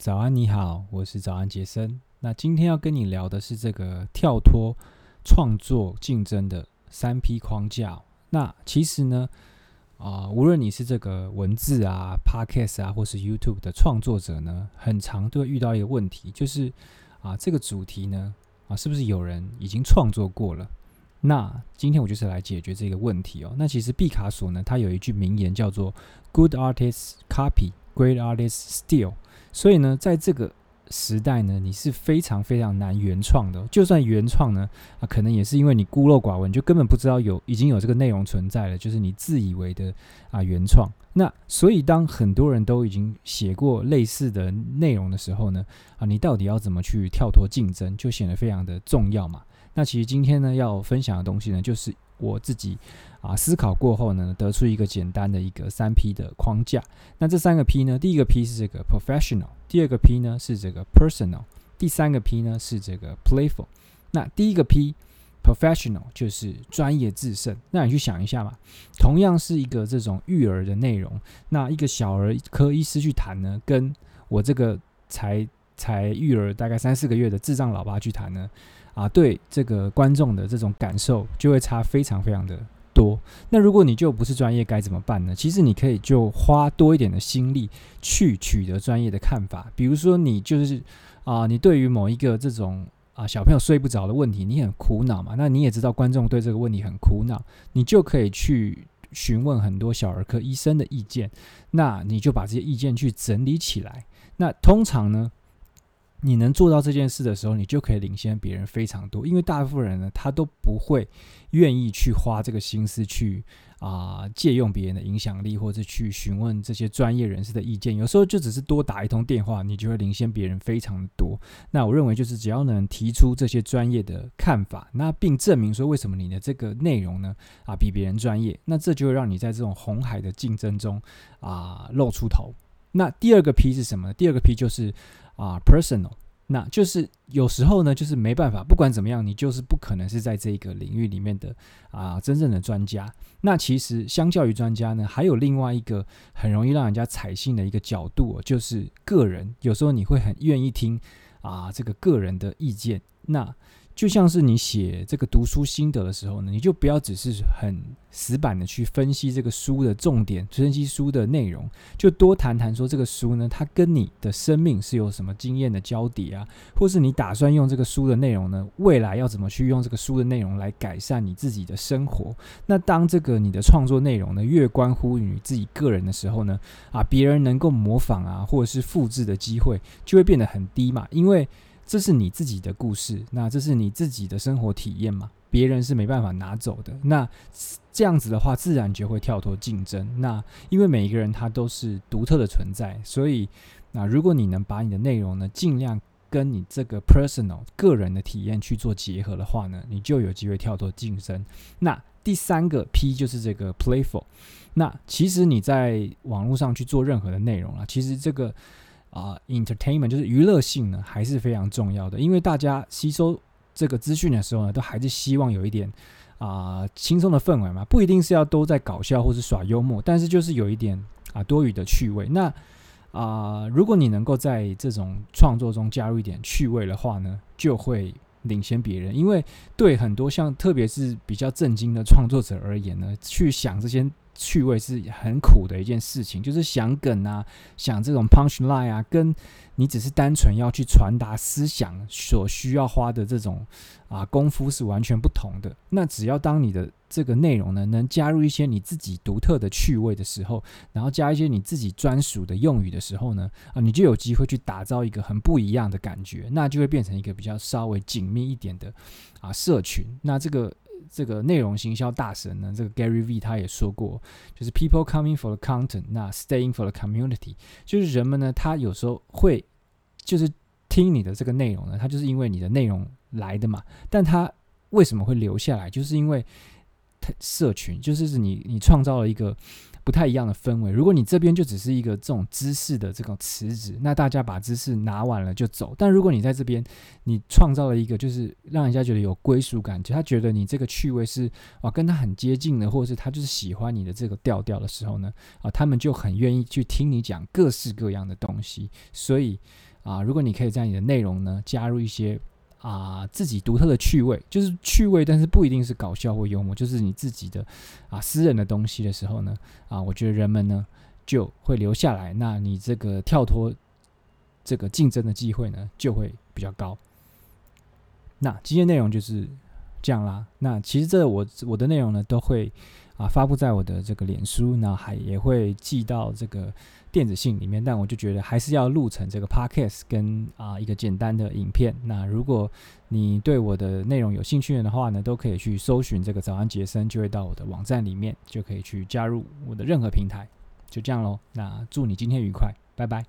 早安，你好，我是早安杰森。那今天要跟你聊的是這個跳脫創作競爭的三 P 框架。那其實呢，啊、呃，無論你是這個文字啊、Podcast 啊，或是 YouTube 的創作者呢，很常都會遇到一個問題，就是啊，這個主題呢，啊，是不是有人已經創作過了？那今天我就是來解決這個問題哦。那其實畢卡索呢，他有一句名言叫做 “Good artists copy, great artists steal”。所以呢，在這個時代呢，你是非常非常難原創的哦。就算原創呢，啊，可能也是因為你孤陋寡聞，就根本不知道有已經有這個內容存在了，就是你自以為的啊原創。那所以，當很多人都已經寫過類似的內容的時候呢，啊，你到底要怎麼去跳脫競爭，就顯得非常的重要嘛。那其實今天呢，要分享的東西呢，就是。我自己啊思考過後呢，得出一個簡單的一個三 P 的框架。那這三個 P 呢，第一個 P 是這個 professional，第二個 P 呢是這個 personal，第三個 P 呢是這個 playful。那第一個 P professional 就是專業制勝。那你去想一下嘛，同樣是一個這種育兒的內容，那一個小兒科醫師去談呢，跟我這個才。才育兒大概三四個月的智障老爸去談呢，啊，對這個觀眾的這種感受就會差非常非常的多。那如果你就不是專業，該怎麼辦呢？其實你可以就花多一點的心力去取得專業的看法。比如說，你就是啊，你對於某一個這種啊小朋友睡不着的問題，你很苦惱嘛，那你也知道觀眾對這個問題很苦惱，你就可以去詢問很多小兒科醫生的意見。那你就把這些意見去整理起來。那通常呢，你能做到這件事的時候，你就可以領先別人非常多。因為大部分人呢，他都不會願意去花這個心思去啊、呃，借用別人的影響力，或者去詢問這些專業人士的意見。有時候就只是多打一通電話，你就會領先別人非常多。那我認為就是只要能提出這些專業的看法，那並證明說為什麼你的這個內容呢啊比別人專業，那這就會讓你在這種紅海的競爭中啊露出頭。那第二個 P 是什麼呢？第二個 P 就是啊，Personal。那就是有時候呢，就是沒辦法，不管怎麼樣，你就是不可能是在這個領域裡面的啊真正的專家。那其實相較於專家呢，還有另外一個很容易讓人家採信的一個角度哦，就是個人。有時候你會很願意聽啊這個個人的意見。那就像是你寫這個讀書心得的時候呢，你就不要只是很死板的去分析這個書的重點，分析書的內容，就多談談說這個書呢，它跟你的生命是有什麼經驗的交疊啊，或是你打算用這個書的內容呢，未來要怎麼去用這個書的內容來改善你自己的生活。那當這個你的創作內容呢，越關乎於你自己個人的時候呢，啊，別人能夠模仿啊，或者是複製的機會就會變得很低嘛，因為。這是你自己的故事，那這是你自己的生活體驗嘛，別人是沒辦法拿走的。那這樣子的話，自然就會跳脫競爭。那因為每一個人他都是獨特的存在，所以那如果你能把你的內容呢，儘量跟你這個 personal 個人的體驗去做結合的話呢，你就有機會跳脫競爭。那第三個 P 就是這個 playful。那其實你在網絡上去做任何的內容啊，其實這個。啊、uh，entertainment 就是娛樂性呢，還是非常重要的。因為大家吸收這個資訊的時候呢，都還是希望有一點啊、呃、輕鬆的氛圍嘛，不一定是要都在搞笑或是耍幽默，但是就是有一點啊多餘的趣味。那啊、呃，如果你能夠在這種創作中加入一點趣味的話呢，就會領先別人。因為對很多像特別是比較正經的創作者而言呢，去想這些。趣味是很苦的一件事情，就是想梗啊，想這種 Punchline 啊，跟你只是單純要去傳達思想所需要花的這種啊功夫是完全不同的。那只要當你的這個內容呢，能加入一些你自己獨特的趣味的時候，然後加一些你自己專屬的用語的時候呢，啊，你就有機會去打造一個很不一樣的感覺，那就會變成一個比較稍微緊密一點的啊社群。那這個。這個內容行銷大神呢，這個 Gary Vee 他也說過，就是 People coming for the content，那 staying for the community，就是人們呢，他有時候會就是聽你的這個內容呢，他就是因為你的內容來的嘛，但他為什麼會留下來，就是因為他社群，就是你你創造了一個。不太一樣的氛圍。如果你這邊就只是一個這種知識的這種池子，那大家把知識拿完了就走。但如果你在這邊，你創造了一個就是讓人家覺得有歸屬感，就他覺得你這個趣味是啊跟他很接近的，或者是他就是喜歡你的這個調調的時候呢，啊他們就很願意去聽你講各式各樣的東西。所以啊，如果你可以在你的內容呢加入一些。啊、呃，自己獨特的趣味，就是趣味，但是不一定是搞笑或幽默，就是你自己的啊、呃、私人的東西的時候呢，啊、呃，我覺得人們呢就會留下來。那你這個跳脫這個競爭的機會呢就會比較高。那今天的內容就是這樣啦。那其實這我我的內容呢都會。啊，發布在我的這個臉書，那還也會寄到這個電子信裡面，但我就覺得還是要錄成這個 podcast，跟啊一個簡單的影片。那如果你對我的內容有興趣的話呢，都可以去搜尋這個“早安傑森”，就會到我的網站裡面，就可以去加入我的任何平台。就這樣嘍，那祝你今天愉快，拜拜。